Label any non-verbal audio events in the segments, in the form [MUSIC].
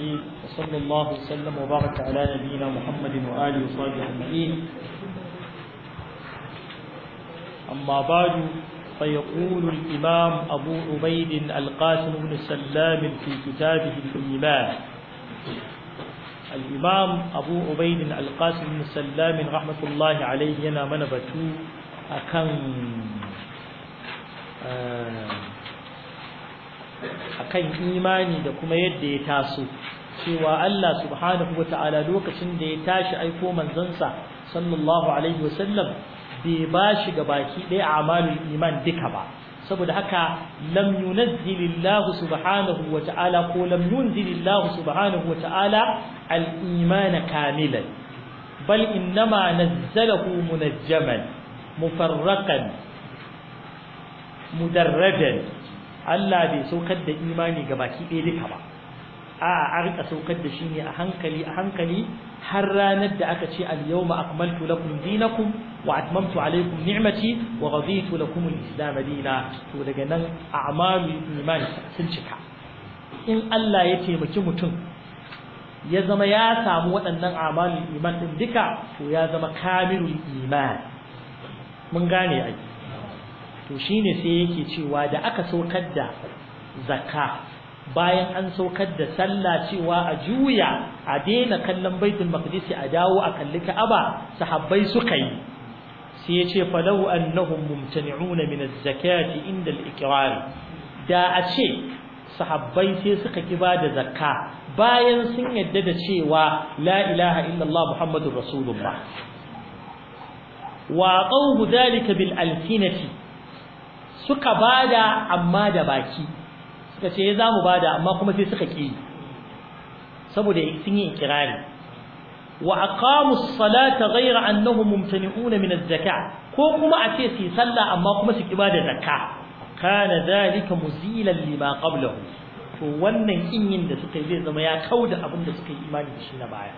الرحيم وصلى الله وسلم وبارك على نبينا محمد وآله وصحبه أجمعين أما بعد فيقول الإمام أبو عبيد القاسم بن سلام في كتابه الإيمان الإمام أبو عبيد القاسم بن سلام رحمة الله عليه ينا من بتو أكن آه akan imani da kuma yadda ya taso cewa Allah subhanahu wa lokacin da ya tashi aiko manzansa sallallahu alaihi wasallam bai ba shi ga baki ɗaya a amalul iman duka ba saboda haka lam yunazzilillahu subhanahu wa ko lam yunzilillahu subhanahu wa al-iman kamilan bal innama nazzalahu munajjaman mufarraqan mudarrajan Allah bai saukar da imani ga baki ɗaya duka ba a a rika saukar da shi ne a hankali a hankali har ranar da aka ce al-yawma akmaltu lakum dinakum wa atmamtu alaykum ni'mati wa raditu lakum al-islam dina to daga nan a'malu iman sun cika in Allah ya taimaki mutum ya zama ya samu waɗannan a'malul iman din duka to ya zama kamilul iman mun gane ai to ne sai yake cewa da aka saukar da zakka bayan an saukar da sallah cewa a juya a daina kallon baitul maqdis a dawo a kalli ka'aba sahabbai suka yi sai ya ce falau annahum mumtani'una min az-zakati inda al-iqrar da a ce sahabbai sai suka ki bada zakka bayan sun yadda da cewa la ilaha illallah muhammadur rasulullah wa qawmu dhalika bil alkinati. suka bada amma da baki suka ce eh, za mu bada amma kuma sai suka ƙi saboda sun yi ikirari wa aqamu as-salata ghayra annahum mumtani'una min az-zakah ko kuma a ce su sallah amma kuma su ki bada zakka kana zalika muzilan lima qablahu to wannan kinyin da suka yi zai zama ya kauda abin da suka yi imani da shi na baya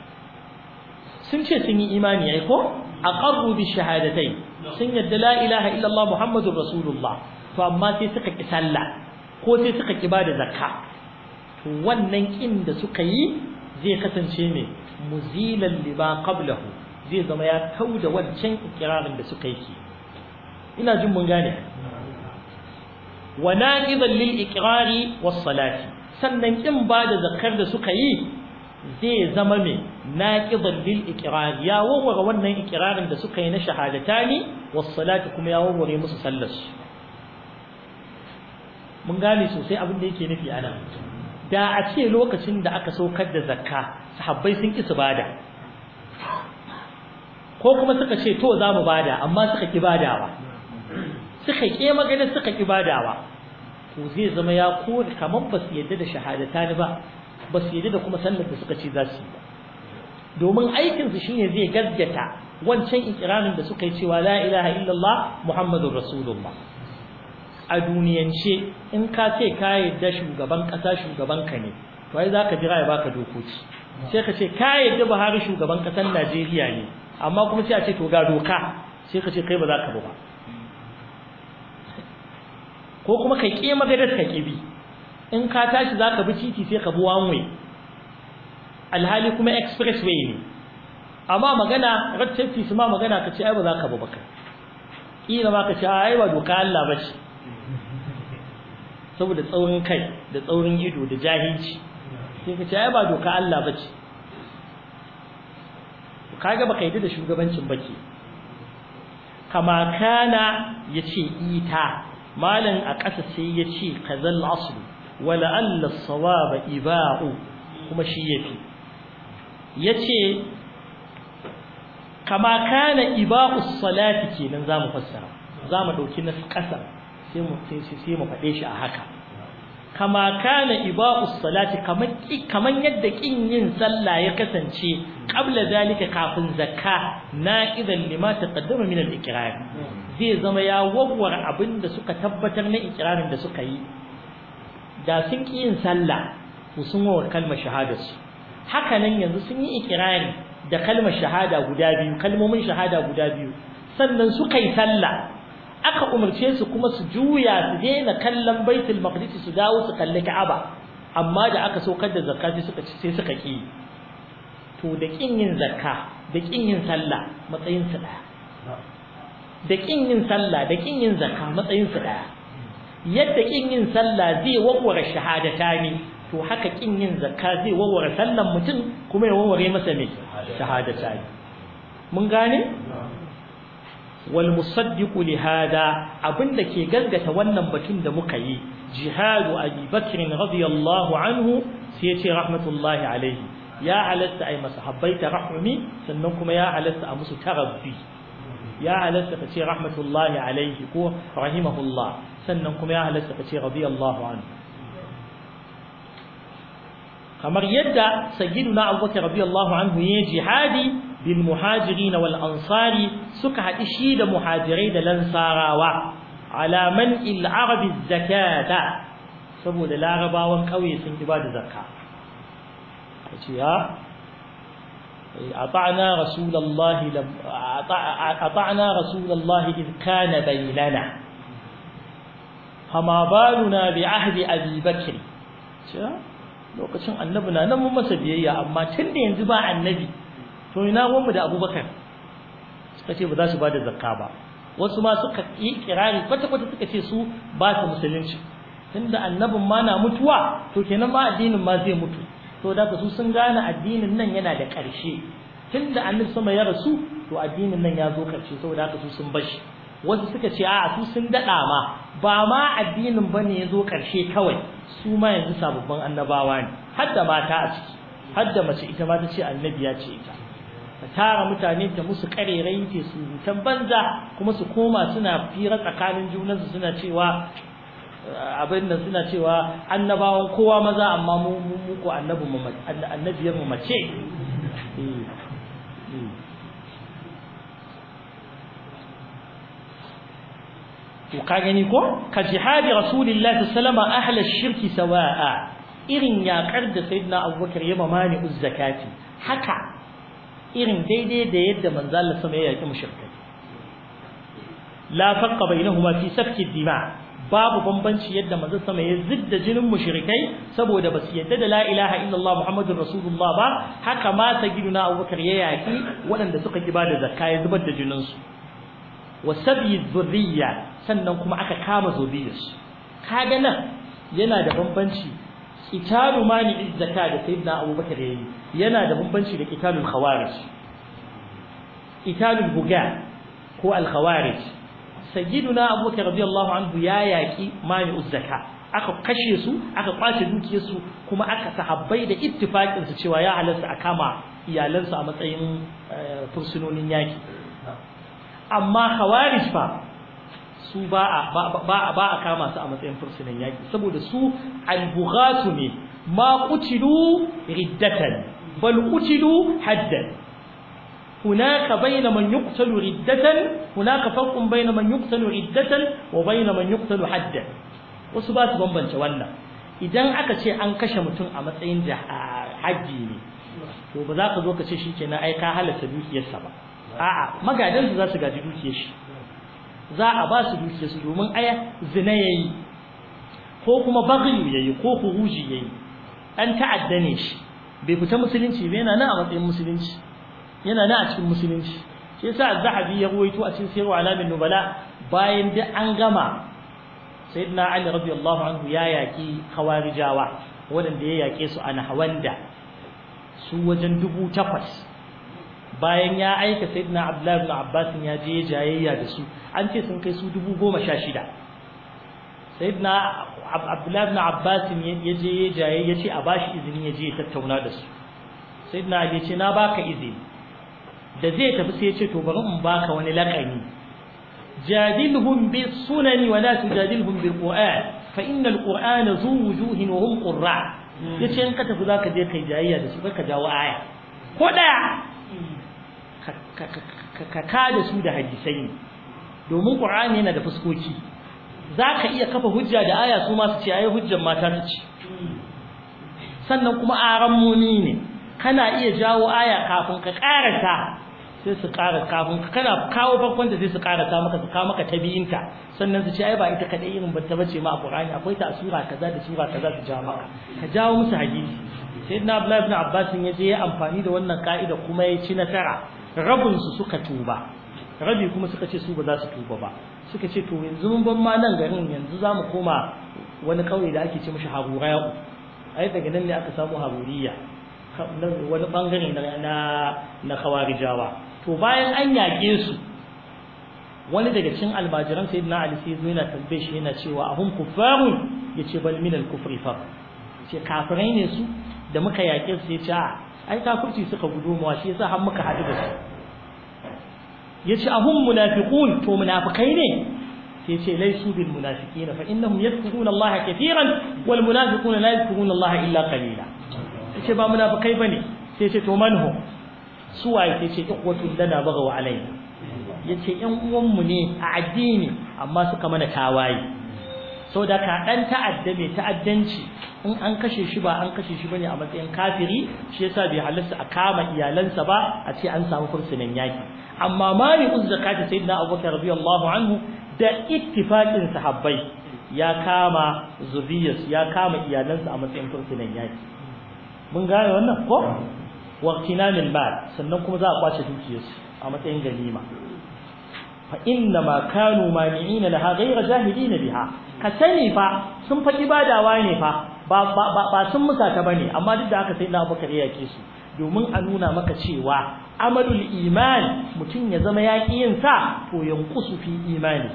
sun ce sun yi imani ai ko aqarru bi shahadatai sun yadda la ilaha illallah muhammadur rasulullah to amma sai suka ki sallah ko sai suka ki bada zakka to wannan kin da suka yi zai kasance ne muzilan liba qablahu zai zama ya kauda wancan ikirarin da suka yi ina jin mun gane wa naqidan lil iqrari was salati sannan kin bada zakkar da suka yi zai zama mai naqidan lil iqrar ya warware wannan iqrarin da suka yi na shahadatani was salati kuma ya warware musu sallar su mun gane sosai abin da yake nufi ana da a ce lokacin da aka saukar da zakka sahabbai sun ki su bada ko kuma suka ce to za mu bada amma suka ki badawa suka ke magana suka ki badawa to zai zama ya kore kamar ba su yadda da shahadatani ba ba su yadda da kuma sallar da suka ce za su yi ba domin aikinsu shine zai gaggata wancan ikirarin da suka yi cewa la ilaha illallah muhammadur rasulullah a duniyance in ka ce ka yadda shugaban ƙasa shugaban ka ne to ai zaka jira ya baka dokoki sai ka ce ka yadda Buhari shugaban ƙasar Najeriya ne amma kuma sai a ce to ga doka sai ka ce kai ba za ka ba ko kuma ka ƙi magadar ka ƙi bi in ka tashi za ka bi titi sai ka bi wanwe alhali kuma expressway ne amma magana rattafi su ma magana ka ce ai ba za ka ba baka ƙila ma ka ce ai ba doka Allah ba ce saboda tsaurin kai da tsaurin ido da jahilci sai ka ce ai ba doka Allah bace kaga ka yi da shugabancin ke kama kana ce ita malam a ƙasa sai ya yace kazal asl wala sawa ba iba'u kuma shi ya ya yace kama kana iba'u salati kenan zamu fassara mu ɗauki na ƙasa sai mu sai faɗe shi a haka kama kana iba'us salati kaman yadda kin yin sallah ya kasance qabla zalika kafin zakka naqidan lima taqaddama min al-iqrar zai zama ya wawwar abinda suka tabbatar na iqrarin da suka yi da sun ki yin sallah sun wawar kalmar shahada su haka nan yanzu sun yi iqrari da kalmar shahada guda biyu kalmomin shahada guda biyu sannan suka yi sallah aka umarce su kuma su juya su daina kallon baitul maqdis su dawo su kalli ka'aba amma da aka saukar da zakka sai suka ci sai suka ki to da kin yin zakka da kin yin sallah matsayin su daya da kin yin sallah da kin yin zakka matsayin su daya yadda kin yin sallah zai wawware ne, to haka kin yin zakka zai wawware sallan mutum kuma ya wawware masa me shahadatani mun gane wal musaddiqu lihada abinda ke gaggata wannan batun da muka yi jihadu abi bakr radiyallahu anhu sai yace rahmatullahi alaihi ya halatta ai masahabbai tarahumi sannan kuma ya halatta a musu tarabbi ya halatta ka ce rahmatullahi alaihi ko rahimahullah sannan kuma ya ce anhu kamar yadda sayyiduna abubakar radiyallahu anhu ya jihadi بالمهاجرين والأنصار سكها إشيد مهاجرين الأنصار على من العرب الزكاة سبو للعرب والقوي سنت بعد زكاة أطعنا رسول الله لم أطعنا رسول الله إذ كان بيننا فما بالنا بعهد أبي بكر شا لو كشان النبنا نمو مسبيه يا أما تندين زبا النبي to ina wanmu da abubakar suka ce ba za su ba da zakka ba wasu ma suka yi kirari kwata-kwata suka ce su ba su musulunci tunda annabin ma na mutuwa to kenan ma addinin ma zai mutu to da su sun gane addinin nan yana da ƙarshe tunda annabi sama ya rasu to addinin nan ya zo ƙarshe saboda haka su sun bashi wasu suka ce a su sun daɗa ma ba ma addinin ba ne ya zo ƙarshe kawai su ma yanzu sababbin annabawa ne Hadda mata a ciki hadda mace ita ma ta ce annabi ya ce ita ka tara mutane ta musu karerai ta surutan banza kuma su koma suna fira tsakanin junansu suna cewa abin suna cewa annabawan kowa maza amma mu muku annabin mu annabiyar mu mace eh, eh. to ka gani ko ka jihadi rasulullahi sallama ahla shirki sawa'a irin yakar da sayyidina abubakar ya mamani uzzakati haka irin daidai da yadda manza Allah sama ya yaki mushrikai la farqa bainahuma fi safki dima babu bambanci yadda manzo sama ya zidda jinin mushrikai saboda basu yadda da la'ilaha ilaha illallah muhammadur rasulullah ba haka ma sagiduna abubakar ya yaki waɗanda suka ki bada zakka ya zubar da jininsu. su wa sabi sannan kuma aka kama zuriyarsu ka gana yana da bambanci qitalu mani zakat da sayyidina abubakar yayi yana da bambanci da qitalul khawarij qitalul buga ko al khawarij sayyiduna abubakar radiyallahu anhu ya yaki mani zakat aka kashe su aka kwace dukiyarsu kuma aka sahabbai da ittifaqin su cewa ya halarta a kama iyalansu a matsayin eh, fursunonin yaki amma khawarij fa su ba a kama su a matsayin fursunan yaƙi saboda su albughatu ne ma qutilu riddatan bal qutilu haddan hunaka bayna man yuqtalu riddatan hunaka farqun bayna man yuqtalu riddatan wa bayna man yuqtalu haddan wasu ba su bambance wannan idan aka ce an kashe mutum a matsayin haji ne to ba za ka zo ka ce shi kenan ai ka halatta dukiyarsa ba a'a su za su gaji dukiyar shi za a ba su dukiya domin aya zina yayi ko kuma ya yayi ko ya yayi an ta'adda ne shi bai fita musulunci ba yana nan a matsayin musulunci yana nan a cikin musulunci shi yasa az-zahabi ya ruwaito a cikin sayarwa alamin nubala bayan da an gama sayyidina ali radiyallahu anhu ya yaki Kawarijawa, waɗanda ya yake su a nahawanda su wajen dubu takwas bayan ya aika sayyidina abdullahi ibn abbas ya je jayayya da su an ce sun kai su dubu goma sha shida sayyidina abdullahi ibn abbas ya je ya jayayya ya ce a bashi izini ya je ya tattauna da su sayyidina ali ya ce na baka izini da zai tafi sai ya ce to bari in baka wani lakani jadilhum bi sunani wa la tujadilhum bil qur'an fa inna al qur'ana zu wujuhin wa hum qurra hmm. yace in ka tafi zaka je kai jayayya da su ka jawo aya ko daya hmm. ka kada su da hadisai ne domin qur'ani yana da fuskoki zaka iya kafa hujja da aya su ma su ce ai hujjar mata ta ce sannan kuma aran muni ne kana iya jawo aya kafin ka karanta sai su ƙara kafin kana kawo farkon da sai su ƙarasa maka su maka tabiyinta sannan su ce ai ba ita kaɗai irin ta bace ma a Qur'ani akwai ta sura kaza da sura kaza su jawo maka ka jawo musu hadisi sayyidina abdullahi ibn Abbas ya ya amfani da wannan ka'ida kuma ya ci nasara rabin su suka tuba rabi kuma suka ce su ba za su tuba ba suka ce to yanzu mun ban ma nan garin yanzu za mu koma wani kauye da ake ce mishi haruraya ai daga nan ne aka samu haruriya wani bangare na na khawarijawa to bayan an yaƙe su wani daga cikin almajiran sai ali alisi zo yana tambaye shi yana cewa ahum kufarun, yace bal min al kufri fa ce kafirai ne su da muka yaƙe su ya a ai kafirci suka gudu mawa shi yasa har muka hadu da su yace ahum munafiqun to munafikai ne sai ce laisu bil munafiqin fa innahum yadhkuruna Allah katiran wal munafiquna la yadhkuruna Allah illa qalila yace ba munafikai bane sai ce to manhu su waye sai ikwatu lana bagaw alaina yace yan uwan mu ne a addini amma suka mana tawaye so da ka ta'adda mai ta'addanci in an kashe shi ba an kashe shi bane a matsayin kafiri shi yasa bai halarta a kama iyalansa ba a ce an samu fursunan yaki amma mali uz zakati sayyidina abubakar radiyallahu anhu da ittifaqin sahabbai ya kama zuriyas ya kama iyalansa a matsayin fursunan yaki mun gane wannan ko waqtina min mal sannan kuma za a kwace dukiyarsu a matsayin ganima fa inna ma kanu mani'ina laha ghayra jahilina biha ka sani fa sun fa ibadawa ne fa ba ba ba sun musa bane amma duk da haka sai na Abubakar ya yake su domin a nuna maka cewa amalul iman mutum ya zama yaƙi yin sa to yanqusu fi imani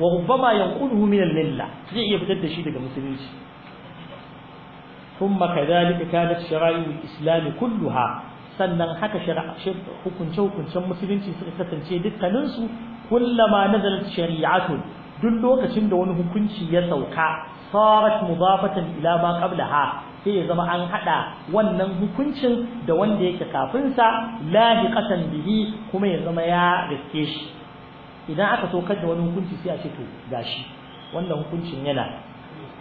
wa rubbama yanquduhu min al-milla zai iya fitar da shi daga musulunci ثم كذلك كانت شرائع الإسلام كلها sannan haka hukunce-hukuncen musulunci suka kasance dukkaninsu kullama nazalat shari'atun duk lokacin da wani hukunci ya sauka sarat mudafatan ila ma qablaha sai ya zama an hada wannan hukuncin da wanda yake kafin sa lahiqatan bihi kuma ya zama ya riske shi idan aka saukar da wani hukunci sai a ce to gashi wannan hukuncin yana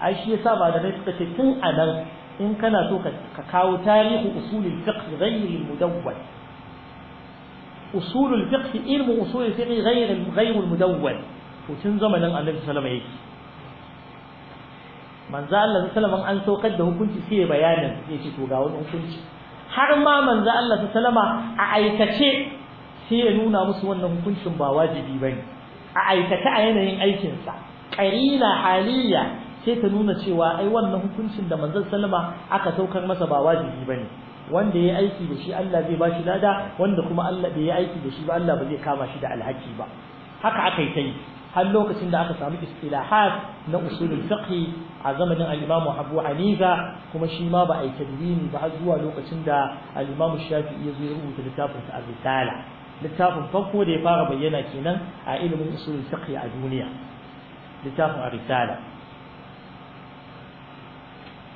ai shi yasa ba da suka tun anan in kana so ka kawo tarihi usulul fiqh ghayr al mudawwal أصول الفقه علم أصول الفقه غير غير المدون وتن زمن النبي صلى الله عليه وسلم manzo sallallahu alaihi an saukar da hukunci sai bayanin hukunci har ma manzo Allah sallama a aikace sai ya nuna musu wannan hukuncin ba wajibi bane a aikace a yanayin aikinsa, ƙarina qarina sai ta nuna cewa ai wannan hukuncin da manzo salama aka saukar masa ba wajibi bane wanda ya aiki da shi Allah zai bashi lada wanda kuma Allah bai yi aiki da shi ba Allah ba zai kama shi da alhaki ba haka aka yi tai har lokacin da aka samu istilahat na usulul fiqh a zamanin al-Imam Abu Hanifa kuma shi ma ba a yi tadwini ba har zuwa lokacin da al-Imam Shafi'i ya zo ya rubuta littafin sa Ar-Risala littafin farko da ya fara bayyana kenan a ilimin usulul fiqh a duniya littafin Ar-Risala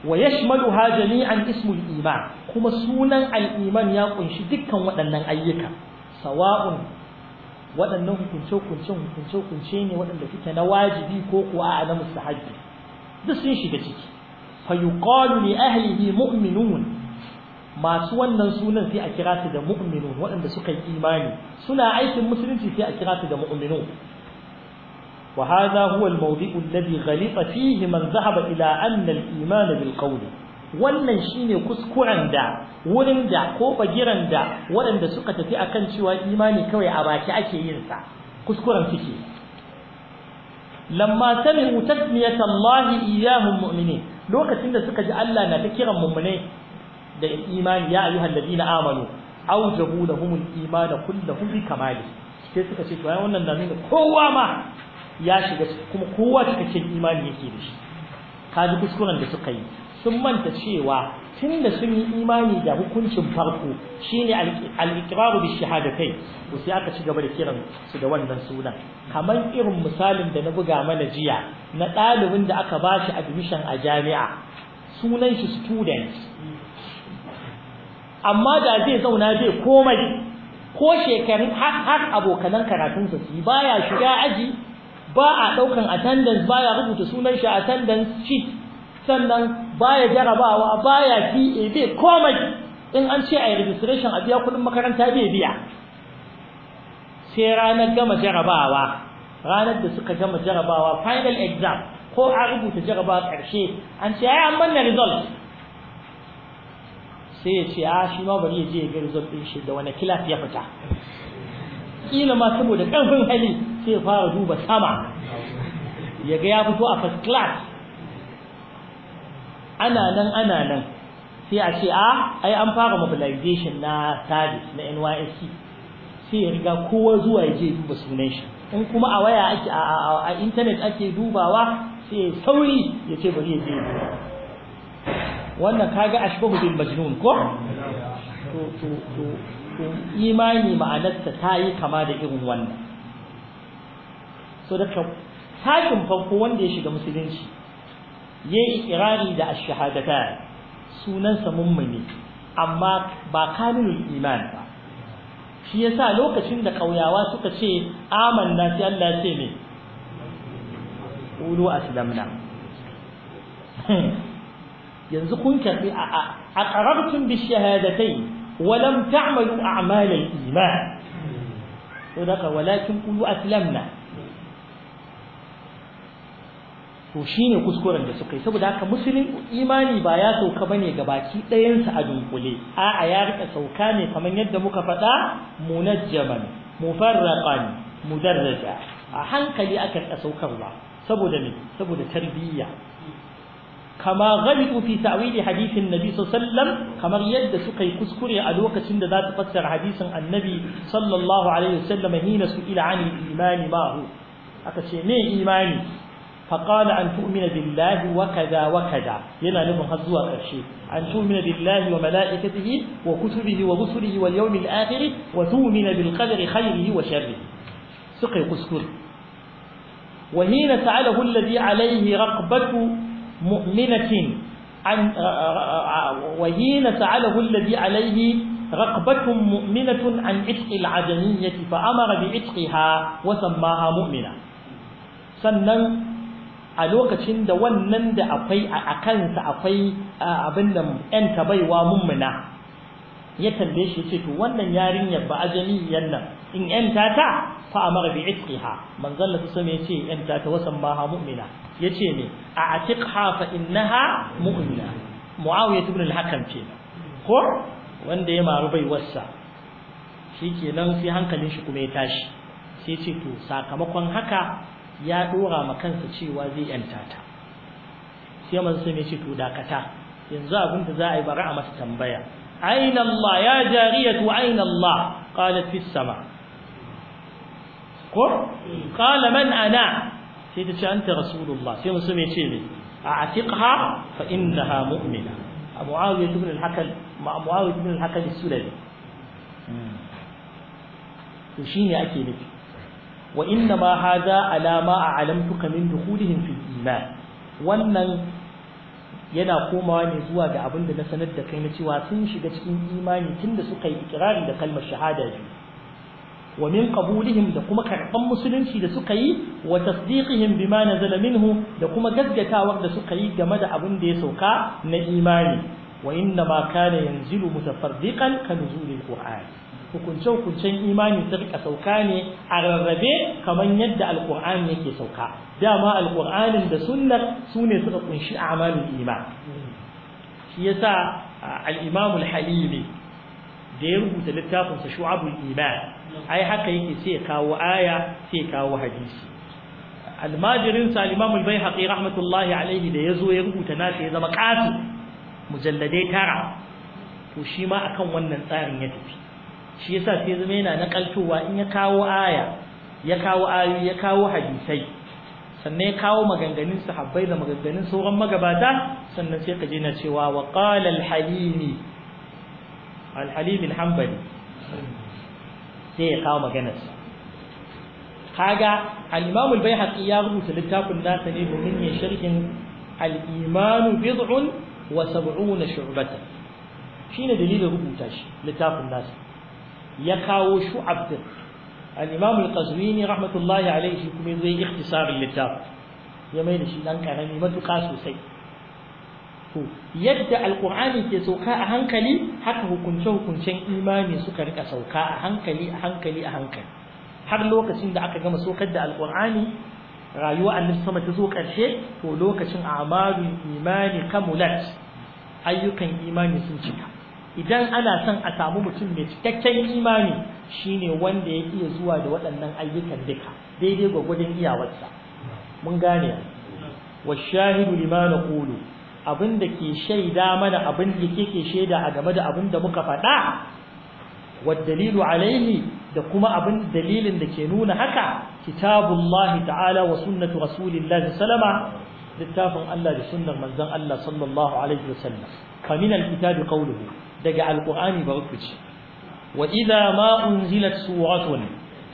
wa yashmaluha jami'an ismul iman kuma sunan al-iman ya kunshi dukkan waɗannan ayyuka sawa'un waɗannan hukunce hukunce hukunce hukunce ne waɗanda suke na wajibi ko kuwa a na mustahabbi duk sun shiga ciki fa yuqalu li ahlihi mu'minun masu wannan sunan sai a kira su da mu'minun waɗanda suka yi imani suna aikin musulunci sai a kira su da mu'minun وهذا هو الموضع الذي غلط فيه من ذهب إلى أن الإيمان بالقول wannan shine kuskuren da wurin da ko bagiran da waɗanda suka tafi akan cewa imani kawai a baki ake yin sa kuskuren suke lamma sami'u tasmiyat Allah iyyahum mu'minin lokacin da suka ji Allah na ta kiran mu'minai da imani ya ayyuhal ladina amanu aujabu lahumul imana kullahu bi kamali sai suka ce to wannan da kowa ma ya shiga kuma kowa cikakken imani yake da shi Ka ji kuskuren da suka yi sun manta cewa tun da sun yi imani da hukuncin farko shine al-iqraru bi shahadatai to sai aka ci gaba da kiran su da wannan sunan kamar irin misalin da na buga mana jiya na ɗalibin da aka bashi admission a jami'a sunan shi student amma da zai zauna zai komai ko shekarun har abokanan karatunsa su baya shiga aji ba a ɗaukan attendance baya rubuta sunan shi attendance sheet sannan baya jarabawa baya PA bai komai in an ce a registration a biya kuɗin makaranta bai biya sai ranar gama jarabawa ranar da suka gama jarabawa final exam ko a rubuta jarabawa ƙarshe an ce ai an manna result sai ya ce a ah, shi ma bari ya je ya ga result ɗin shi da wani kilaf ya fita kila ma saboda ƙarfin hali sai fara duba sama ya ga ya fito a first class ana nan ana nan sai a ce a ah, ai an fara mobilization na service na NYSC sai ya riga kowa zuwa ya je duba sunan shi in kuma a waya ake a internet ake dubawa sai sauri ya ce bari ya je wannan kaga ashbahu bil majnun ko to to to imani ma'anarsa ta yi kama da irin wannan so da tashin farko wanda ya shiga musulunci ya yi ikirari da ashahadata sunansa mummuni amma ba kamilul iman ba shi yasa lokacin da ƙauyawa suka ce amanna sai Allah ya ce ne qulu aslamna [LAUGHS] yanzu kun karbi a da bi shahadatayn ولم تعملوا أعمال الإيمان صدق ولكن قلوا أسلمنا to shine kuskuren da suka yi saboda haka musulun imani ba ya sauka bane gabaki ɗayansa a dunkule a'a ya rika sauka ne kamar yadda muka faɗa munajjaman mufarraqan mudarraja a hankali aka saukarwa saboda ne saboda tarbiyya كما غلطوا في تعويل حديث النبي صلى الله عليه وسلم كما يد سكي كسكري ألوك سند ذات فسر حديث النبي صلى الله عليه وسلم هنا سئل عن الإيمان ما هو أكسي ما إيمان فقال أن تؤمن بالله وكذا وكذا ينا لهم هزوا أرشي أن تؤمن بالله وملائكته وكتبه ورسله واليوم الآخر وتؤمن بالقدر خيره وشره سقي قسكر وهنا تعالى الذي عليه رقبة mu'minatin an wahina sa'alahu alladhi alayhi رقبة مؤمنة عن عتق العدنية فأمر بعتقها وسماها مؤمنة sannan a lokacin da wannan da akwai a kansa akwai abin da ‘yan baiwa mummuna ya tambaye shi ce to wannan yarinyar ba ajamiyyar nan in ‘yan ta fa a mara bi itqiha manzon lafi so ce ‘yan wasan ba ha mu'mina yace ne a atiqha fa innaha mu'mina muawiya ibn al hakan ce ko wanda ya maru bai ke nan sai hankalin shi kuma ya tashi sai ce to sakamakon haka ya dora ma kansa cewa zai yanta ta sai manzo sai ya ce to dakata yanzu abin da za a yi bari a masa tambaya aina Allah ya jariyatu aina Allah qalat fis sama ko hmm. qala man ana sai ta ce an anta rasulullah sai musu mai ce mai a atiqha fa innaha mu'mina muawiya ibn al-hakam ma muawiya ibn al-hakam sulami to shine ake nufi wa inna ma hadha alama a'lamtuka min dukhulihim fi iman wannan yana komawa ne zuwa ga abin da na sanar da kai na cewa sun shiga cikin imani tunda suka yi ikirari da kalmar shahada biyu wa min qabulihim da kuma karban musulunci da suka yi wa tasdiqihim bima nazala minhu da kuma gaggawar da suka yi game da abin da ya sauka na imani wa inna ma kana yanzilu mutafarriqan ka nuzulil qur'an hukunce hukuncen imani ta rika sauka ne a rarrabe kamar yadda alqur'ani yake sauka dama alqur'anin da sunnar sune suka ƙunshi a'malul iman shi yasa al-imam al da ya rubuta littafinsa shu'abul iman ai haka yake sai kawo aya sai kawo hadisi almajirin sa al-imam rahmatullahi alaihi da zo ya rubuta nasa ya zama kasu mujalladai tara to shi ma akan wannan tsarin ya tafi shi yasa sai zama yana nakaltowa in ya kawo aya ya kawo ayoyi ya kawo hadisai sannan ya kawo maganganun sahabbai da maganganun sauran magabata sannan sai ka je na cewa wa qala al-halimi al-halimi al-hanbali sai ya kawo maganarsa kaga al-Imam al-Baihaqi ya rubuta littafin nasa ne domin ya sharhin al-iman bid'un wa sab'una shu'bata shine dalilin rubuta shi littafin nasa ya kawo shu'ab din al-Imam al-Qazwini rahmatullahi alayhi kuma zai ikhtisarin littafin ya mai da shi dan karami matuƙa sosai to yadda alkur'ani ke sauka a hankali haka hukunce-hukuncen imani suka rika sauka a hankali a hankali a hankali har lokacin da aka gama saukar da alkur'ani rayuwa allah sama ta zo karshe to lokacin amalin imani kamulat ayyukan imani sun cika idan ana son a samu mutum mai cikakken imani shine wanda ya iya zuwa da waɗannan ayyukan duka daidai gwagwadon iyawarsa mun gane wa shahidu lima naqulu abin da ke shaida mana abin da ke shaida a game da abin da muka faɗa waddalilu alaihi da kuma abin dalilin da ke nuna haka kitabullahi ta'ala wa sunnatu rasulillahi sallama littafin Allah da sunnar manzon Allah sallallahu alaihi wasallam kamin alkitabi qawluhu daga alqur'ani barkuci wa idza ma unzilat suratun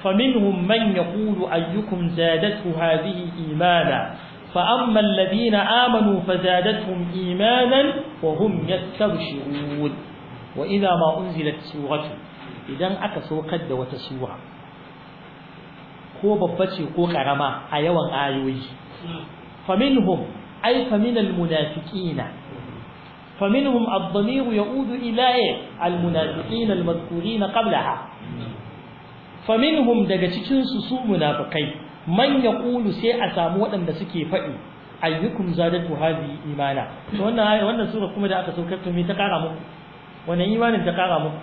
faminhum man yaqulu ayyukum zadatu hadhihi imana فأما الذين آمنوا فزادتهم إيمانا وهم يستبشرون وإذا ما أنزلت سورة إذا da wata وتسورة ko ce ko karama a yawan ayoyi faminhum ay faminal munafiqina faminhum ad-damir yaudu ila al-munafiqina al-madhkurina qablaha faminhum daga cikin su su man Kulu sai a samu waɗanda suke faɗi ayyukum zadatu hadhihi imana to wannan wannan sura kuma da aka saukar to me ta kara muku wannan imanin ta kara muku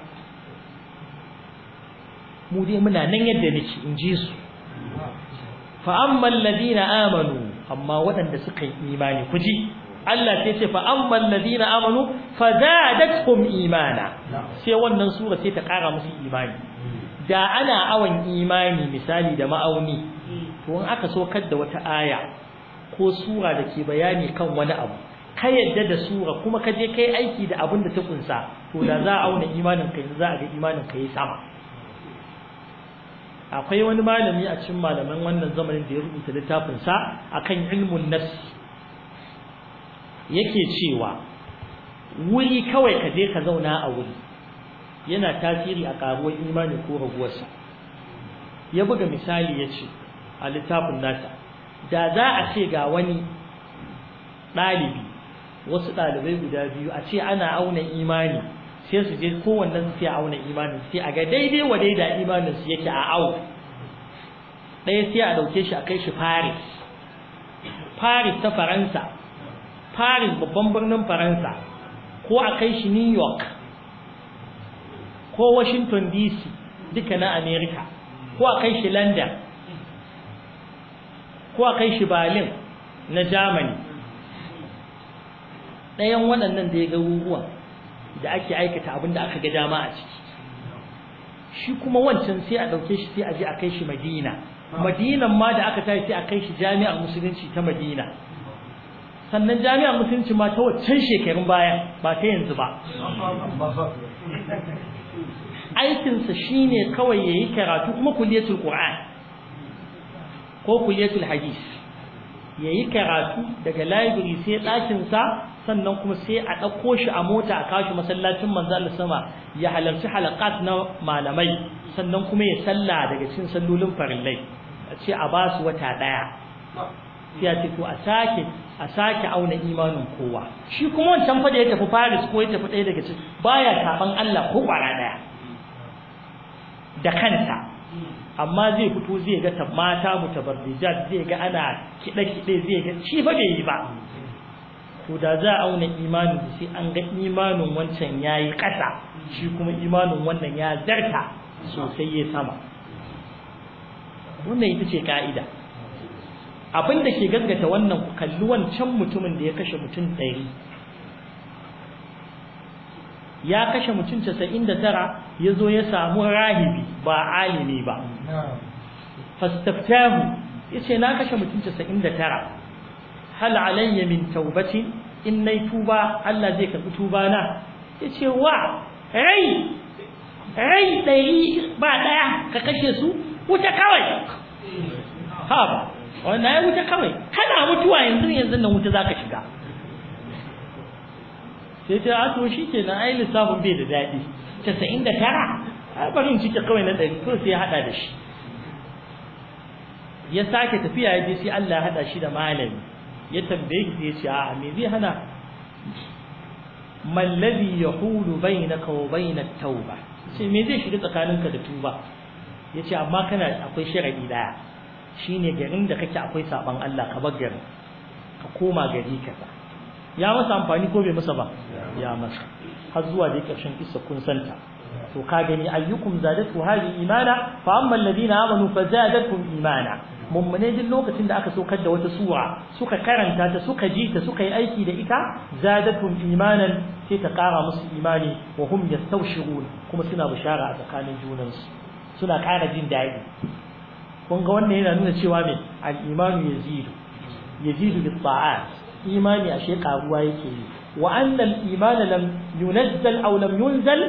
mu dai muna nan yadda nake in ji su fa ammal ladina amanu amma waɗanda suka yi imani ku ji Allah sai ce fa ammal ladina amanu fa zadatuhum imana sai wannan sura sai ta kara musu imani da ana awan imani misali da ma'auni to in aka saukar da wata aya ko sura da ke bayani kan wani abu ka yadda da sura kuma ka je kai aiki da abin da ta kunsa to da za a auna imanin ka za a ga imanin ka yi sama akwai wani malami a cikin malaman wannan zamanin da ya rubuta littafin sa akan ilmun nafsi yake cewa wuri kawai ka je ka zauna a wuri yana tasiri a karuwar imani ko raguwarsa ya buga misali ya ce a littafin nasa da za a ce ga wani ɗalibi wasu ɗalibai guda biyu a ce ana auna imani sai su je kowanne su sai auna imanin sai a ga daidai wa daida imanin su yake a au ɗaya sai a ɗauke shi a kai shi paris paris ta faransa paris babban birnin faransa ko a kai shi new york ko washington dc duka na america ko a kai shi london ko a kai shi balin na Germany ɗayan waɗannan da ya garuruwa da ake aikata abin da aka ga dama a ciki shi kuma wancan sai a ɗauke shi sai a je a kai shi madina madinan ma da aka tashi sai a kai shi jami'ar musulunci ta madina sannan jami'ar musulunci ma ta waccan shekarun baya ba ta yanzu ba aikinsa shine kawai ya yi karatu kuma kuliyatul qur'an ko kulliyatul hadis yayi karatu daga library sai ɗakin sa sannan kuma sai a ɗauko shi a mota a kashi masallacin manzo Allah sama ya halarci halakat na malamai sannan kuma ya salla daga cikin sallolin farillai a ce a basu wata ɗaya sai a ce ko a sake a sake auna imanin kowa shi kuma wancan fa da ya tafi Paris ko ya tafi ɗaya daga cikin baya kafan Allah ko kwara ɗaya da kanta amma zai fito zai ga mata mutabarrijat zai ga ana kiɗe-kiɗe zai ga shi fa bai yi ba ko da za a auna imanin sai an ga imanin wancan yayi kasa ƙasa shi kuma imanin wannan ya zarta sosai ya sama wannan ita ce ka'ida abin da ke gaggata wannan ku kalli wancan mutumin da ya kashe mutum ɗari ya kashe mutum casa'in da tara ya zo ya samu rahibi ba alimi ba fastaftahu yace na kashe mutum 99 hal alayya min tawbati in nay tuba Allah zai karbi tuba na yace wa rai rai dai ba daya ka kashe su wuta kawai ha ba wannan wuta kawai kana mutuwa yanzu nan wuta shiga sai ta ato shi na ai lissafin bai da daɗi 99 a barin cike kawai na ɗari ko sai ya haɗa da shi ya sake tafiya ya je sai Allah ya haɗa shi da malami ya tambaye shi ya ce a'a me zai hana man ladhi yahulu bainaka wa bain at-tauba sai me zai shiga tsakaninka da tuba yace amma kana akwai sharadi daya shine garin da kake akwai saban Allah ka bar garin ka koma gari kaza ya masa amfani ko bai masa ba ya masa har zuwa da ƙarshen kissa kun santa to ka gani ayyukum zadatu hadi imana fa amma alladhina amanu fazadatuhum imana mummune duk lokacin da aka saukar da wata sura suka karanta ta suka ji ta suka yi aiki da ita zadatuhum imanan sai ta kara musu imani wa hum yastawshirun kuma suna bishara a tsakanin junansu suna kara jin daɗi kun ga wannan yana nuna cewa me al-imanu yazidu yazidu bi ta'at imani ashe karuwa yake yi wa anna al-imana lam yunazzal aw lam yunzal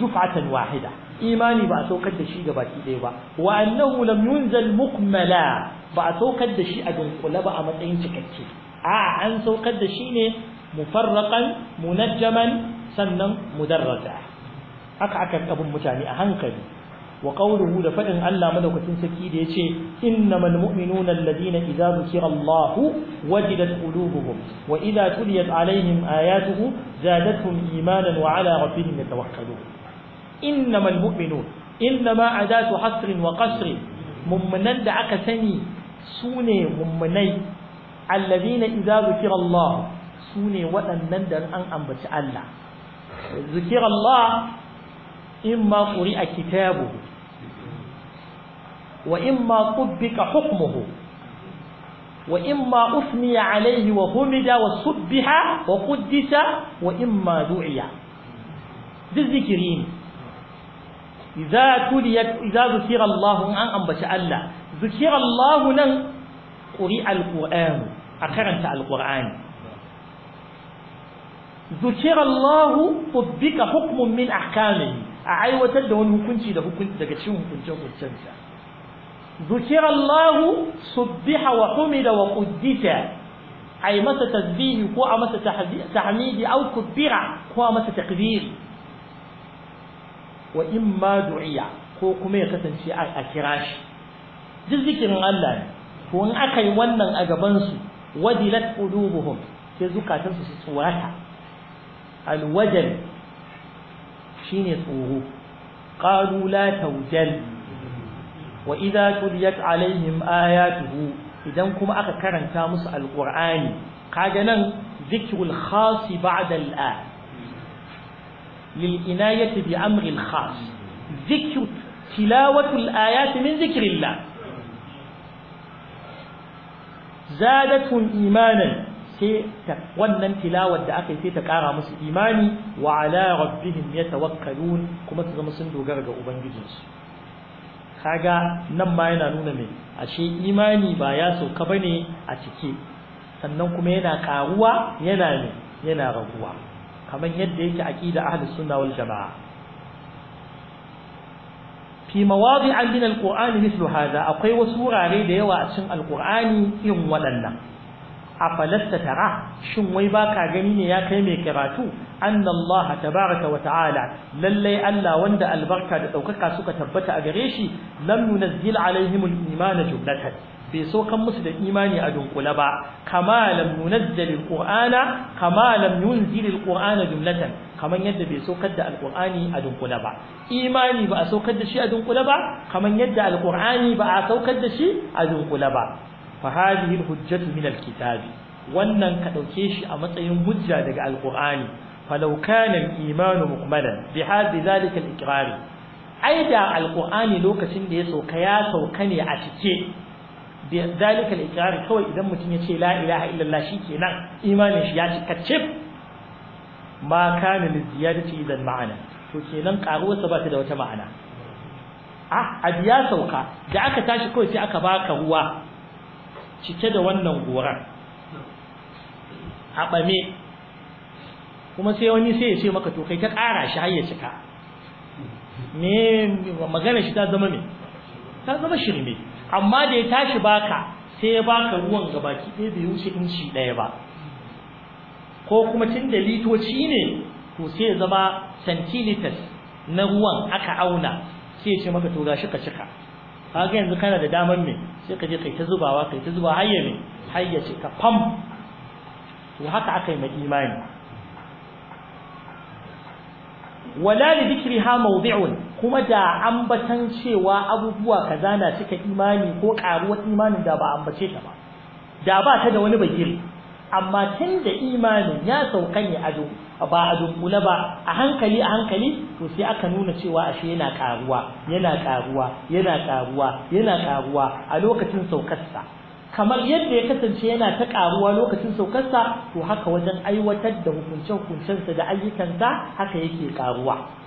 dufatan wahida imani ba a saukar da shi gabaki ɗaya ba wa annahu lam yunzal mukmala ba a saukar da shi a dunkule ba a matsayin cikakke a an saukar da shi ne mufarraqan munajjaman sannan mudarrata haka aka abin mutane a hankali wa qawluhu da fadin Allah madaukakin saki da yace innamal mu'minuna alladhina idza dhukira Allahu wajilat qulubuhum wa idza tuliyat alaihim ayatuhu zadatuhum imanan wa ala rabbihim yatawakkalun innama al-mu'minu innama adatu hasrin wa qasri mumminan da aka sani sune mumminai alladhina idza zikira Allah sune wadannan da an ambaci Allah zikira Allah imma quri'a kitabu wa imma qubbika hukmuhu wa imma usmiya alayhi wa humida wa subbiha wa quddisa wa imma du'iya duk zikiri ne idza tuliyat idza zukira Allah an ambaci Allah zukira Allah nan quri alquran a karanta alqur'ani zukira Allah tubbika hukmun min ahkamihi a aiwatar da wani hukunci da hukunci daga cikin hukuncin hukuncinsa zukira Allah subbiha wa humida wa quddita ai masa tasbihi ko a masa tahmidi au kubbira ko a masa takbiri wa in ma du'iya ko kuma ya kasance a kira shi duk zikirin Allah ne to in aka yi wannan a gaban su wadilat qulubuhum sai zukatan su tsorata alwajal shine tsoro qalu la tawjal wa idza tuliyat alaihim ayatuhu idan kuma aka karanta musu alqur'ani kaga nan zikrul khasi ba'da al'an للإناية بأمر خاص ذكر تلاوة الآيات من ذكر الله زادتهم إيمانا wannan tilawar da aka yi sai ta ƙara musu imani wa ala rabbihim yatawakkalun kuma ta zama sun dogara ga ubangijinsu kaga nan ma yana nuna min. ashe imani ba ya sauka bane a cike sannan kuma yana ƙaruwa, yana ne yana raguwa kamar yadda yake aqida ahlus sunna wal jamaa fi mawadi'an min alqur'ani mithlu hadha akwai wasu wurare da yawa a cikin alqur'ani irin waɗannan afalatta tara shin wai baka gani ne ya kai mai karatu anna tabaraka wa ta'ala lallai Allah wanda albarka da daukaka suka tabbata a gare shi lam yunazzil alaihimul imana jumlatan bai saukan musu da imani a dunkula ba kama lam yunazzil alqur'ana kama lam yunzil jumlatan kaman yadda bai saukar da alqur'ani a dunkula ba imani ba a saukar da shi a dunkula ba kaman yadda alqur'ani ba a saukar da shi a dunkula ba fa hadhihi alhujjatu min alkitabi wannan ka dauke shi a matsayin hujja daga alqur'ani falau kana al-iman mukmalan bi hadhi dhalika al-iqrar ai da alqur'ani lokacin da ya sauka ya sauka ne a cike bi dalika al-iqrar kawai idan mutum ya ce la ilaha illallah shikenan imanin shi ya cika cif ma kana li ziyadati idan ma'ana to kenan karuwarsa ba ta da wata ma'ana ah abi ya sauka da aka tashi kawai sai aka baka ruwa cike da wannan goran a kuma sai wani sai ya ce maka to kai ta kara shi har ya cika me magana shi ta zama me ta zama shirme amma da ya tashi baka sai ya baka ruwan gabaki ɗaya bai wuce inci ɗaya ba ko kuma tun da litoci ne to sai ya zama centiliters na ruwan aka auna sai ya ce maka to gashi ka cika kaga yanzu kana da damar me sai ka je kai ta zubawa kai ta zuba hayya me hayya ce ka fam to haka aka yi mai imani wala li dhikriha mawdi'un kuma da ambatan cewa abubuwa kaza na cika imani ko ƙaruwar imanin da ba ambace ta ba da ba ta da wani bagir amma tun da imanin ya sauka ne a ba a dunkule ba a hankali a hankali to sai aka nuna cewa ashe yana ƙaruwa, yana ƙaruwa, yana karuwa yana ƙaruwa a lokacin saukarsa kamar yadda ya kasance yana ta karuwa lokacin saukarsa to haka wajen aiwatar da hukunce-hukuncensa da ayyukansa haka yake ƙaruwa.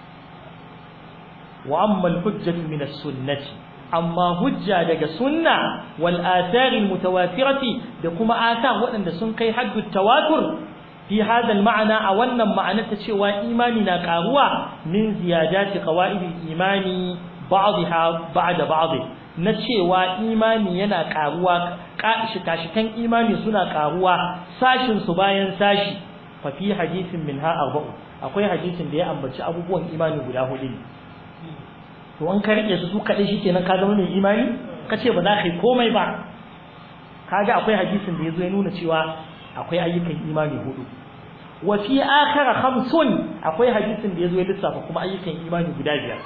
wa amma al-hujjatu sunnati amma hujja daga sunna wal athar al-mutawatirati da kuma athar waɗanda sun kai haddu tawatur fi hada maana a wannan ma'anar ta cewa imani na ƙaruwa min ziyadati qawaid al-imani ba'dha ba'da ba'd na cewa imani yana karuwa kashi tashikan imani suna ƙaruwa sashin su bayan sashi fa fi hadisin minha arba'u akwai hadisin da ya ambaci abubuwan imani guda hudu to an ka rike su su kaɗai shi kenan ka zama mai imani kace ce ba za ka yi komai ba Ka ga akwai hadisin da ya zo ya nuna cewa akwai ayyukan imani hudu wa fi akhara khamsun akwai hadisin da ya zo ya lissafa kuma ayyukan imani guda biyar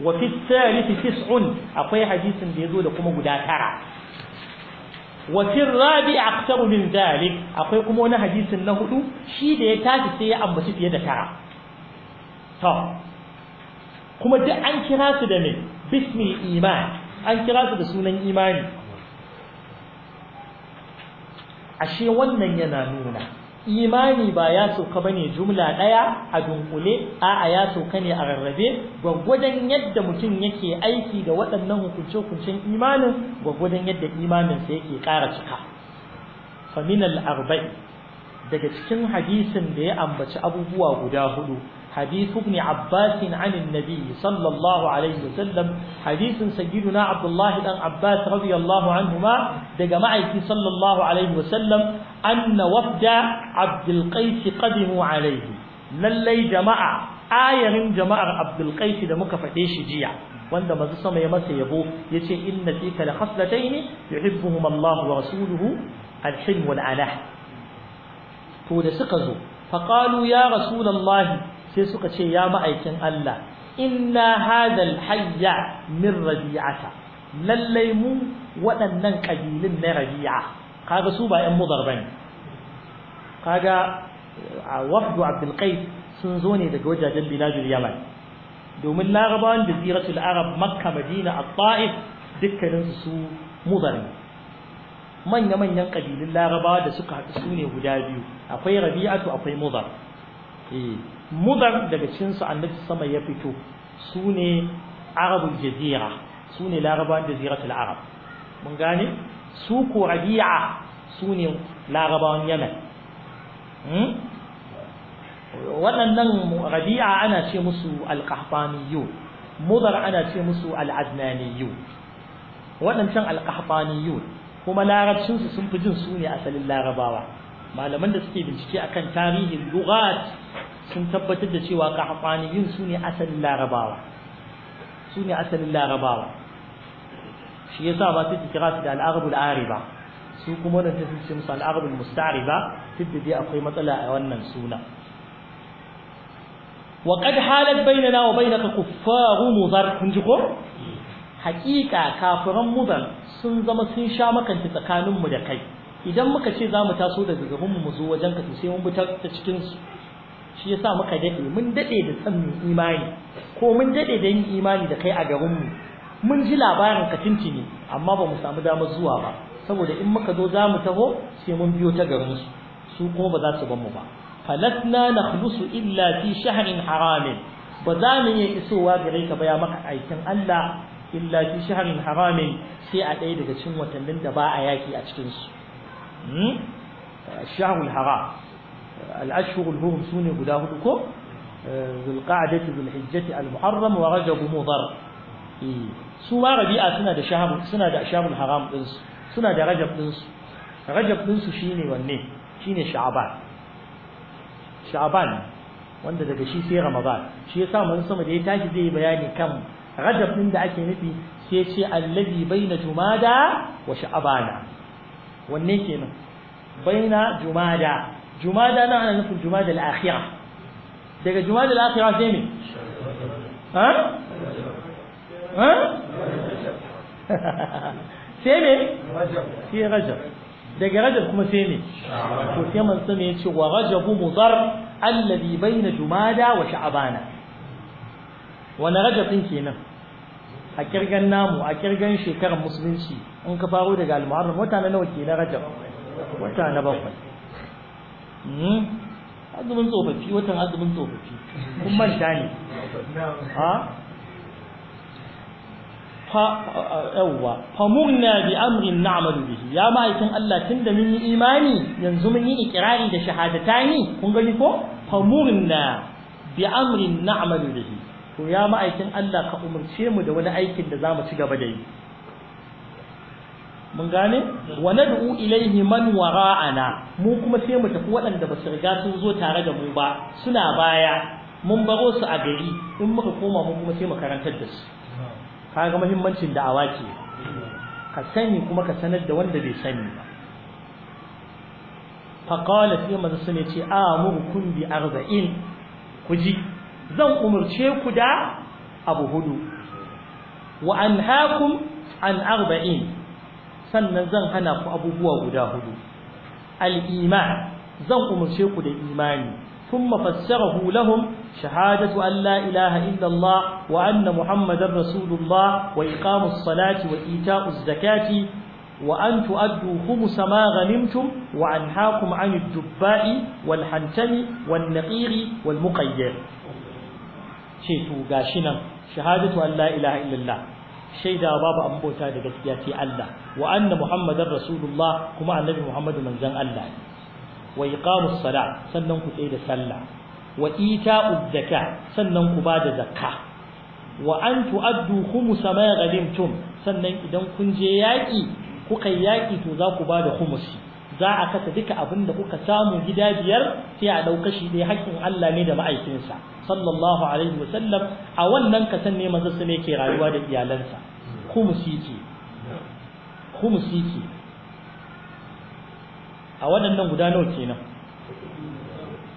wa fi thalith tis'un akwai hadisin da ya zo da kuma guda tara wa fi rabi aktaru min akwai kuma wani hadisin na hudu shi da ya tashi sai ya ambaci fiye da tara to kuma duk an kira su da me bismi iman an kira su da sunan imani ashe wannan yana nuna imani ba ya sauka bane jumla daya a dunkule a'a ya sauka ne a rarrabe gwagwadan yadda mutum yake aiki da waɗannan hukunce-hukuncen imanin gwagwadan yadda imaninsa yake ƙara cika faminal arba'in, daga cikin hadisin da ya ambaci abubuwa guda hudu حديث ابن عباس عن النبي صلى الله عليه وسلم حديث سيدنا عبد الله بن عباس رضي الله عنهما دجمعه صلى الله عليه وسلم أن وفد عبد القيس قدموا عليه للي جماعة آية جماعة عبد القيس دمك فتيش جيع wanda ما sama ya masa يتي إن فيك لخصلتين يحبهما الله ورسوله الحلم Allah wa rasuluhu al-hilm wal sai suka ce ya ma'aikin Allah inna hadal hayya min rabi'ata lallai mu waɗannan ƙabilun na rabi'a kaga su ba 'yan mudar bane kaga a wafdu abdul qais sun zo ne daga wajajen biladul yaman domin larabawan da ziratul arab makka madina at-ta'if dukkanin su mudar ne manya-manyan ƙabilun larabawa da suka haɗu su ne guda biyu akwai rabi'atu akwai mudar eh mudar daga cinsu annabi sama ya fito su ne arabul jazira su ne larabawan jaziratul arab mun gane su ko rabi'a su ne larabawan yamen hmm? waɗannan rabi'a ana ce musu alƙahfaniyu mudar ana ce musu al'adnaniyu waɗancan alƙahfaniyu kuma larabcinsu sun fi jin su ne asalin larabawa malaman da suke bincike akan tarihin lugat sun tabbatar da cewa qahtaniyin su ne asalin larabawa su ne asalin larabawa shi sa ba su kira su da al da ariba su kuma wannan tafi su musu al-arabul musta'riba tidda dai akwai matsala a wannan suna wa qad halat bainana wa bainaka kuffaru mudhar kun ji ko hakika kafiran mudhar sun zama sun sha makanci tsakaninmu da kai idan muka ce za mu taso daga gaban mu zo wajenka, to sai mun bi ta cikin shi yasa muka dade mun daɗe da san mu imani ko mun daɗe da yin imani da kai a garin mu mun ji labarin ka tintini amma ba mu samu damar zuwa ba saboda in muka zo za mu taho sai mun biyo ta garin su su kuma ba za su bar mu ba falatna nakhlusu illa fi shahrin haramin ba za mu yi isowa gare ka ba ya maka aikin Allah illa fi shahrin haramin sai a ɗaya daga cikin watannin da ba a yaki a cikin su hmm? eh, shahrul haram الأشهر الهرم سوني قداه لكم ذو القعدة ذو الحجة المحرم ورجب مضر su ma rabi'a suna da shahabu suna da shamul haram din su suna da rajab din su rajab din su shine wanne shine sha'ban sha'ban wanda daga shi sai ramadan shi yasa mun sama da ya tashi zai bayani kan rajab din da ake nufi sai ce allazi baina jumada wa sha'bana wanne kenan baina jumada jumada na ana nufin jumada al-akhirah daga jumada al-akhirah sai ne ha ha [LAUGHS] sai ne sai rajab daga rajab kuma sai ne to sai man sani ya ce rajabu mudar alladhi baina jumada a bana? wani din kenan a kirgan namu a kirgan shekarar musulunci in ka faro daga al-muharram wata na nawa kenan rajab wata na bakwai Hmm? azumin tsofaffi watan azumin tsofaffi kun manta ne ha Fa yawwa famurna bi amrin na'malu bihi ya ma'aikin Allah tunda mun yi imani yanzu mun yi ikrari da shahadatani kun gani ko famurna bi amrin na'malu bihi to ya ma'aikin Allah ka umurce mu da wani aikin da zamu ci gaba da yi mun gane wa nad'u ilayhi man wara'ana mu kuma sai mu tafi waɗanda ba su riga sun zo tare da mu ba suna baya mun baro su a gari in muka koma mu kuma sai mu karantar da su kaga muhimmancin da'awa ke ka sani kuma ka sanar da wanda bai sani ba faqala sai manzo ne ce amurukum bi arba'in ku zan umurce ku da abu hudu wa anhaakum an arba'in sannan zan hana ku abubuwa guda hudu al-iman zan umurce ku da imani thumma fassarahu lahum shahadatu Allah, la ilaha illallah wa anna muhammadar rasulullah wa iqamus salati wa ita'uz zakati wa an tu'addu khums ma ghanimtum wa an haqum an ad-dubba'i wal hantami wal naqiri shahadatu an la ilaha shaida babu an bauta da gaskiya sai Allah wa anna muhammadar rasulullah kuma annabi muhammadu manzon Allah wa iqamus sala sannan ku tsaye da sallah wa ita'uz sannan ku ba da zakka wa an tu'addu khumus ma ghanimtum sannan idan kun je yaki kuka yaki to za ku ba da khumusi za a kasa duka abin da kuka samu gida biyar sai a ɗauka shi dai haƙƙin Allah ne da ma'aikinsa sallallahu alaihi wasallam a wannan kasan ne maza su ne ke rayuwa da iyalansa kumusi ke kumusi ke a waɗannan guda nawa kenan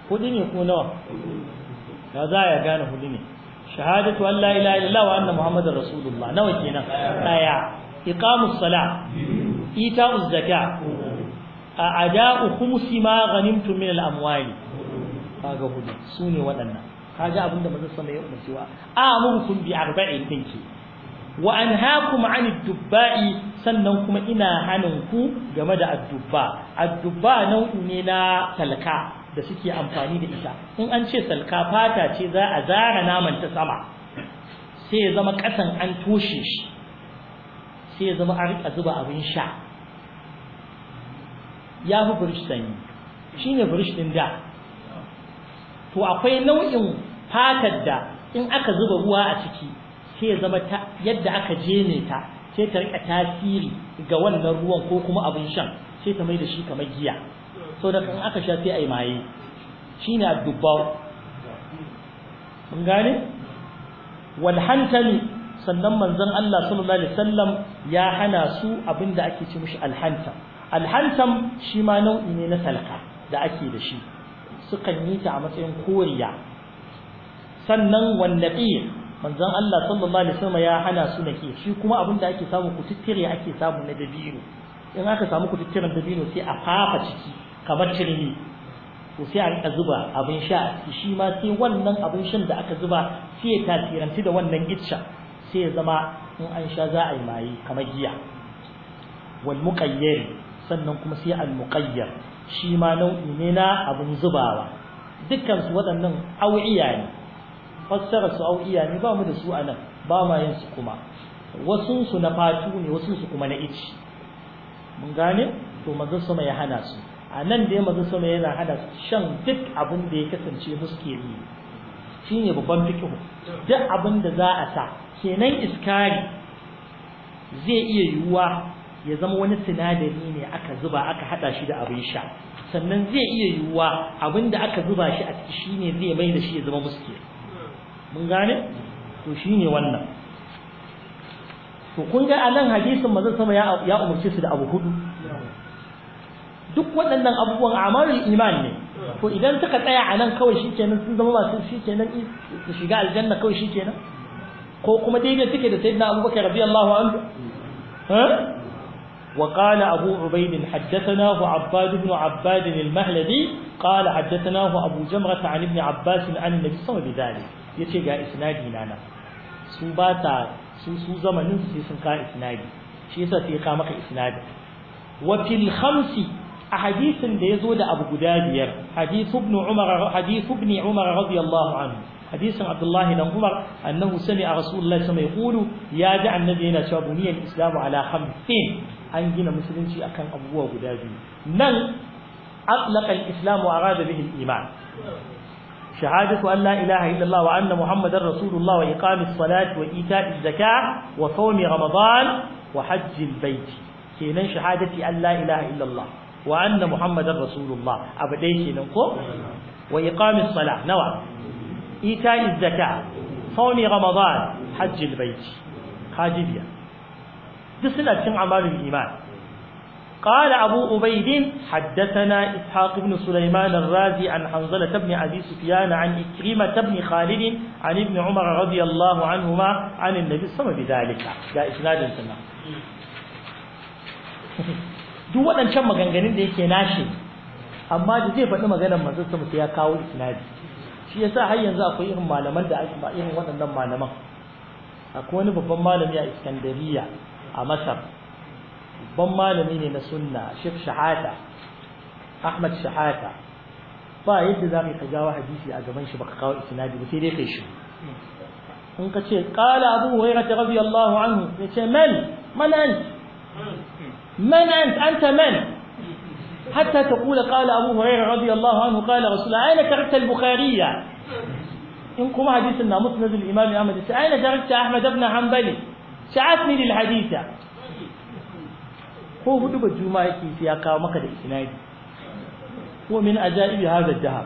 hudu ne ko nawa na za ya gane hudu ne shahadatu an la ilaha illallah wa anna muhammadar rasulullah nawa kenan daya iqamus sala ita'uz zakat a ada'u khumsi ma ghanimtum min al-amwali kaga hudu sune waɗannan kaga abinda manzo sallallahu alaihi wasallam ya umarci wa amurukum bi arba'in dinki wa anhaakum 'an ad-dubba'i sannan kuma ina hanan ku game da ad-dubba ad-dubba nau'i ne na talka da suke amfani da ita in an ce salka fata ce za a zara naman ta sama sai ya zama kasan an toshe shi sai ya zama a rika zuba abin sha ya fi burish sanyi shi ne burish ɗin da to akwai nau'in fatar da in aka zuba ruwa a ciki sai ya zama yadda aka jene ta sai ta rika tasiri ga wannan ruwan ko kuma abin shan sai ta mai da shi kamar giya so da kan aka sha sai a yi maye shi ne dubbar gane walhantali sannan manzon Allah sallallahu alaihi wasallam ya hana su abinda ake ci mushi alhanta alhantam shi ma nau'i ne na salka da ake da shi sukan yi ta a matsayin koriya sannan wannaƙi manzon Allah sallallahu alaihi wasallam ya hana su nake shi kuma abin da ake samu kututtire ake samu na dabino in aka samu kututtiren dabino sai a fafa ciki kamar tirmi to sai a zuba abin sha shi ma sai wannan abin shan da aka zuba sai ya tasiranci da wannan gitsha sai ya zama in an sha za a yi maye kamar giya wal muqayyir sannan kuma sai al-muqayyar shi ma nau'i ne na abun zubawa dukkan su waɗannan awiya ne fassara su awiya ne ba mu da su anan ba ma yin su kuma wasu su na fatu ne wasu su kuma na ici mun gane to manzo sama ya hana su a nan da ya sama yana hana shan duk abin da ya kasance muskiri shine babban fikihu duk abin da za a sa kenan iskari zai iya yiwuwa ya zama wani sinadari ne aka zuba aka hada shi da abin sha sannan zai iya yiwuwa abin da aka zuba shi a ciki shine zai mai da shi ya zama muskil mun gane to shine wannan to kun ga anan hadisin manzon sama ya ya umarce su da abu hudu duk waɗannan abubuwan amalul iman ne to idan suka tsaya a nan kawai shikenan sun zama masu shikenan su shiga aljanna kawai shikenan ko kuma daidai suke da sayyidina abubakar radiyallahu anhu ha وقال أبو عبيد حدثناه عباد بن عباد المهلدي قال حدثناه أبو جمرة عن ابن عباس عن النبي صلى الله عليه وسلم يتيجا إسنادي نانا سوباتا سوسو زمن سيسنقا إسنادي شيسا تيقامك إسنادي وفي الخمس أحاديث ديزود أبو قدادير حديث ابن عمر حديث ابن عمر رضي الله عنه hadisin abdullahi dan umar annahu sami a rasulullahi sama kulu ya ji annabi yana cewa buniyal islamu ala hamsin an gina musulunci akan abubuwa guda biyu nan atlaqa islamu arada bihi iman shahadatu an la ilaha illallah wa anna muhammadar rasulullah wa iqamis salati wa ita'iz zakah wa sawmi ramadan wa hajjil kenan shahadati an la ilaha illallah wa anna rasulullah abu ɗaya kenan ko wa iqamis salah nawa ita'i zaka sauni ramadan hajjil baiti hajibiya duk suna cikin amalin iman قال أبو أبيد حدثنا إسحاق بن سليمان الرازي عن حنظلة بن أبي سفيان عن إكرمة بن خالد عن ابن عمر رضي الله عنهما عن النبي صلى الله عليه وسلم لا إسناد duk waɗancan maganganun da yake nashi amma da zai faɗi maganar manzon sama sai ya kawo isnadi shi yasa har yanzu akwai irin malaman da ake irin waɗannan malaman akwai wani babban malami a Iskandariya a Masar babban malami ne na sunna Sheikh Shahada Ahmad shahata ba yadda za ka jawo hadisi a gaban shi baka kawo isnadi ba sai dai kai shi in ka ce qala Abu Hurairah radiyallahu anhu ya ce man man ant man ant anta man حتى تقول قال أبو هريرة رضي الله عنه قال رسول الله أين تركت البخاري إن كما حديث الناموس نزل الإمام أحمد أين تركت أحمد بن حنبل شعتني للحديث هو هدب الجمعة في سياقة ومكة هو من أجائب هذا الذهب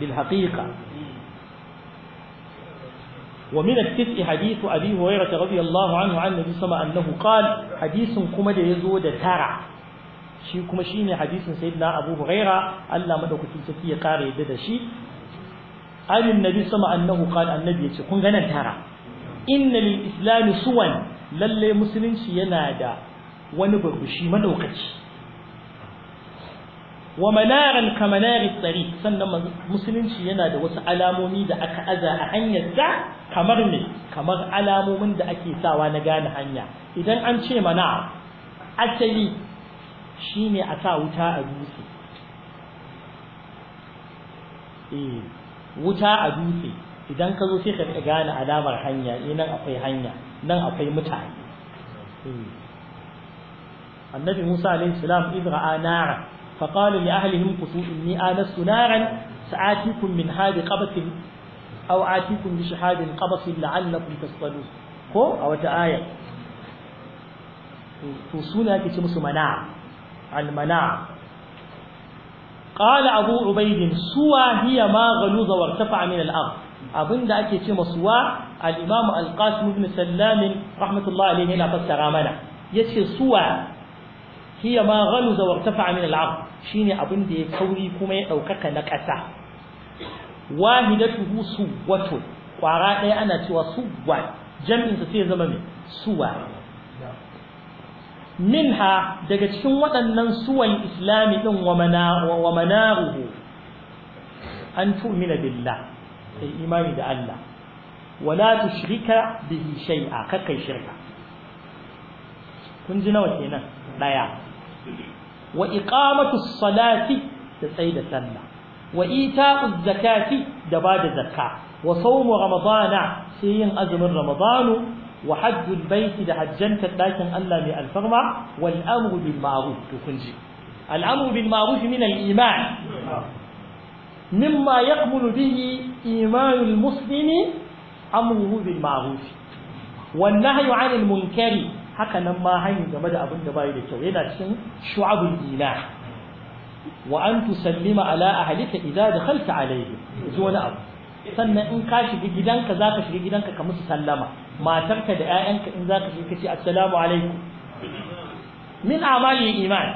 بالحقيقة ومن التسع حديث أبي هريرة رضي الله عنه عن النبي صلى الله عليه وسلم أنه قال حديث كما يزود ترع shi kuma shine hadisin sayyidina Abu Huraira Allah madaukakin sarki ya kare yadda da shi alim nabi sama annahu qala annabi yace kun ga tara inna lil islam suwan lalle musulunci yana da wani burbushi madaukaci wa manaran ka manari tsari sannan musulunci yana da wasu alamomi da aka aza a hanyar da kamar ne kamar alamomin da ake sawa na gane hanya idan an ce mana asali shine a sa wuta a dutse eh, wuta a dutse idan ka zo sai ka gane alamar hanya eh, nan akwai hanya nan akwai mutane eh. annabi Musa alaihi salam idra'a nara fa qala li ahlihim qutu inni anastu naran sa'atikum min hadi qabatin aw atikum bi shahadin qabatin la'allakum tasqalun ko a wata suna musu mana'a المناعه قال ابو عبيد سوى هي ما غلوظ وارتفع من الارض abinda ake ce masu wa al-imam al-qasim ibn sallam rahmatullahi alayhi yana fassara mana yace suwa hiya ma ghaluza wa irtafa min al-aq shine abinda ya kauri kuma ya ɗaukaka na kasa wahidatu su wato kwara daya ana cewa suwa jami'in sa sai zama me suwa minha daga cikin waɗannan suwan islami ɗin wa manaruhu an tu'mina billah kai imani da Allah wala tushrika bihi shay'a kaka shirka kun ji nawa kenan daya wa iqamatu salati da tsaida sallah wa ita'u zakati da bada zakka wa sawmu ramadana sai yin azumin ramadanu wa hajjul baiti da hajjantar ɗakin Allah mai alfarma wal amru bil ma'ruf to kun ji al amru bil ma'ruf min al iman mimma yaqbulu bihi iman al muslimi amruhu bil ma'ruf wan nahyu 'anil munkari haka nan ma hanyi game da abin da bai da kyau yana cikin shu'abul iman wa an tusallima ala ahlika idza dakhalta alayhi wani abu sannan in ka shiga gidanka zaka shiga gidanka ka musu sallama matarka da 'ya'yanka in za ka shi ka ce assalamu alaikum min amalin iman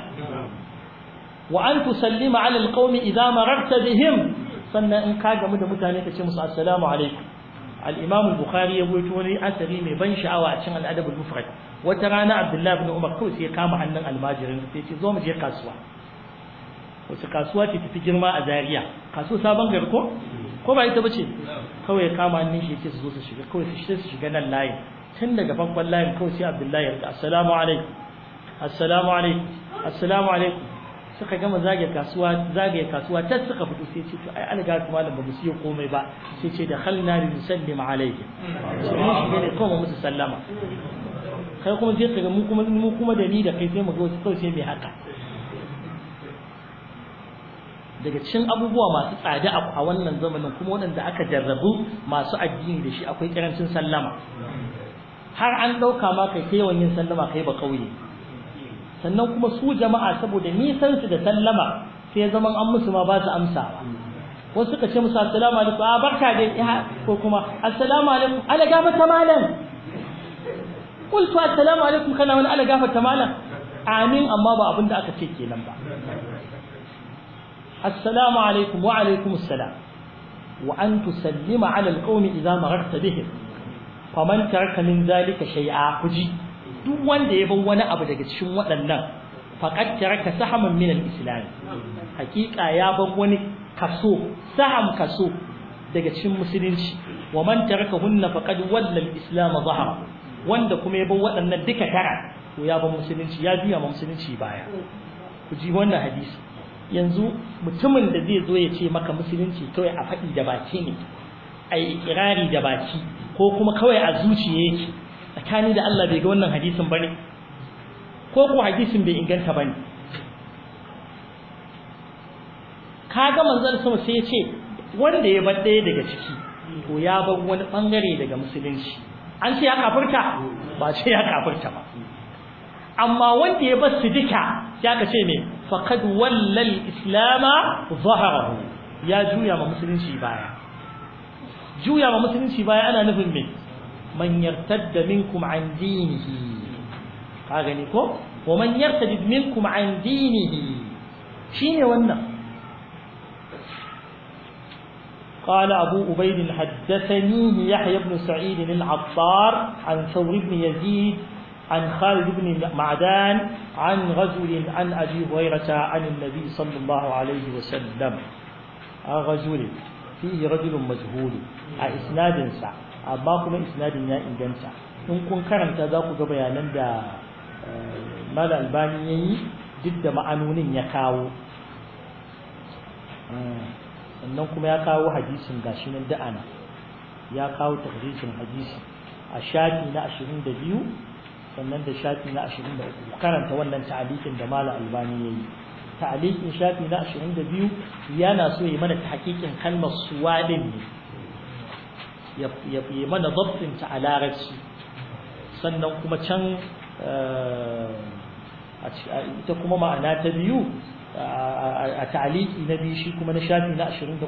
wa an tusallima ala alqaumi idza mararta bihim sannan in ka gamu da mutane ka ce musu assalamu alaikum al-imam al-bukhari ya goyi wani asari mai ban sha'awa a cikin al-adab al-mufrad wata rana abdullahi ibn umar kawai sai ya kama hannun almajirin sai ce zo mu je kasuwa wace kasuwa ce tafi girma a Zariya? kasuwa sabon garko ko ba ita bace kawai kama hannun shi yake su zo su shiga kawai su shiga su shiga nan layin tun daga farkon layin kawai sai Abdullahi ya assalamu alaikum assalamu alaikum assalamu alaikum suka gama zage kasuwa zage kasuwa ta suka fito sai ce to ai an ga kuma malam ba mu siyo komai ba sai ce da khalna li nusallim alayhi sai mu shiga ne kuma musu sallama kai kuma sai ka ga mu kuma mu kuma da ni da kai sai mu ga wasu kawai sai mai haka daga cikin abubuwa masu tsada a wannan zamanin kuma waɗanda aka jarrabu masu addini da shi akwai karancin sallama har an ɗauka ma kai ta yawan yin sallama kai ba kauye sannan kuma su jama'a saboda nisan su da sallama sai zaman an musu ma ba su amsawa wasu suka ce musu assalamu alaikum a ah, barka da ya eh, ko kuma assalamu alaikum ala gafata malam qultu assalamu alaikum kana wani ala gafata malam amin amma ba abin da aka ce kenan ba assalamu alaikum wa alaikum assalam wa an tusallima ala alqawmi idza mararta bihim faman taraka min zalika shay'a kuji duk wanda ya bar wani abu daga cikin waɗannan faqad taraka sahaman min al-islam hakika ya bar wani kaso saham kaso daga cikin musulunci wa man taraka hunna faqad walla al-islam wanda kuma ya bar waɗannan duka tara to ya bar musulunci ya biya musulunci baya ku ji wannan hadisi yanzu mutumin da zai zo ya ce maka musulunci kawai a faɗi da baki ne a ikirari da baki ko kuma kawai a zuciya yake tsakani da Allah bai ga wannan hadisin ne? ko ko hadisin bai inganta ba ka ga manzan sama sai ya ce wanda ya bar ɗaya daga ciki to ya bar wani ɓangare daga musulunci an ce ya kafurta ba ce ya kafurta ba amma wanda ya bar su duka ya ka ce me faqad walla al-islam zaharahu ya juya ma musulunci baya juya ma musulunci baya ana nufin me man yartadda minkum an dinihi ka gani ko wa man yartadda minkum an dinihi ne wannan قال أبو أبيد حدثني يحيى بن سعيد العطار عن ثور بن يزيد عن خالد بن معدان عن رجل عن أبي هريرة عن النبي صلى الله عليه وسلم رجل فيه رجل مجهول إسناد سع أما كما إسناد يا إنجان سع إن كن كرم تذاق بيانا دا ماذا الباني جد معنون يكاو sannan kuma ya kawo hadisin gashi nan da'ana ya kawo takririn hadisi a shafi na 22 sannan da shafi na 23 karanta wannan ta'alikin da malam albani yayi ta'alikin shafi na 22 yana so yi mana tahqiqin kalmar suwadin ne ya yi mana dabtin ta a sannan kuma can eh, ita kuma ma'ana ta biyu a ta'aliki na biyu shi kuma na shafi na 23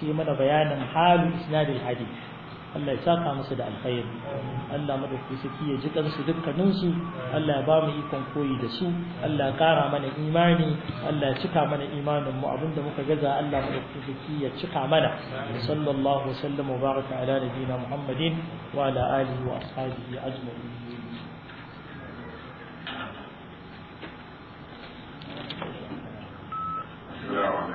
sai mana bayanin halu isnadil hadith Allah ya saka musu da alkhairi Allah madauki saki ya ji kansu dukkanin su Allah ya ba mu ikon koyi da su Allah ya kara mana imani Allah ya cika mana imanin mu abinda muka gaza Allah madauki saki ya cika mana sallallahu wasallam wa baraka ala nabiyina Muhammadin wa ala alihi wa ashabihi ajma'in Yeah.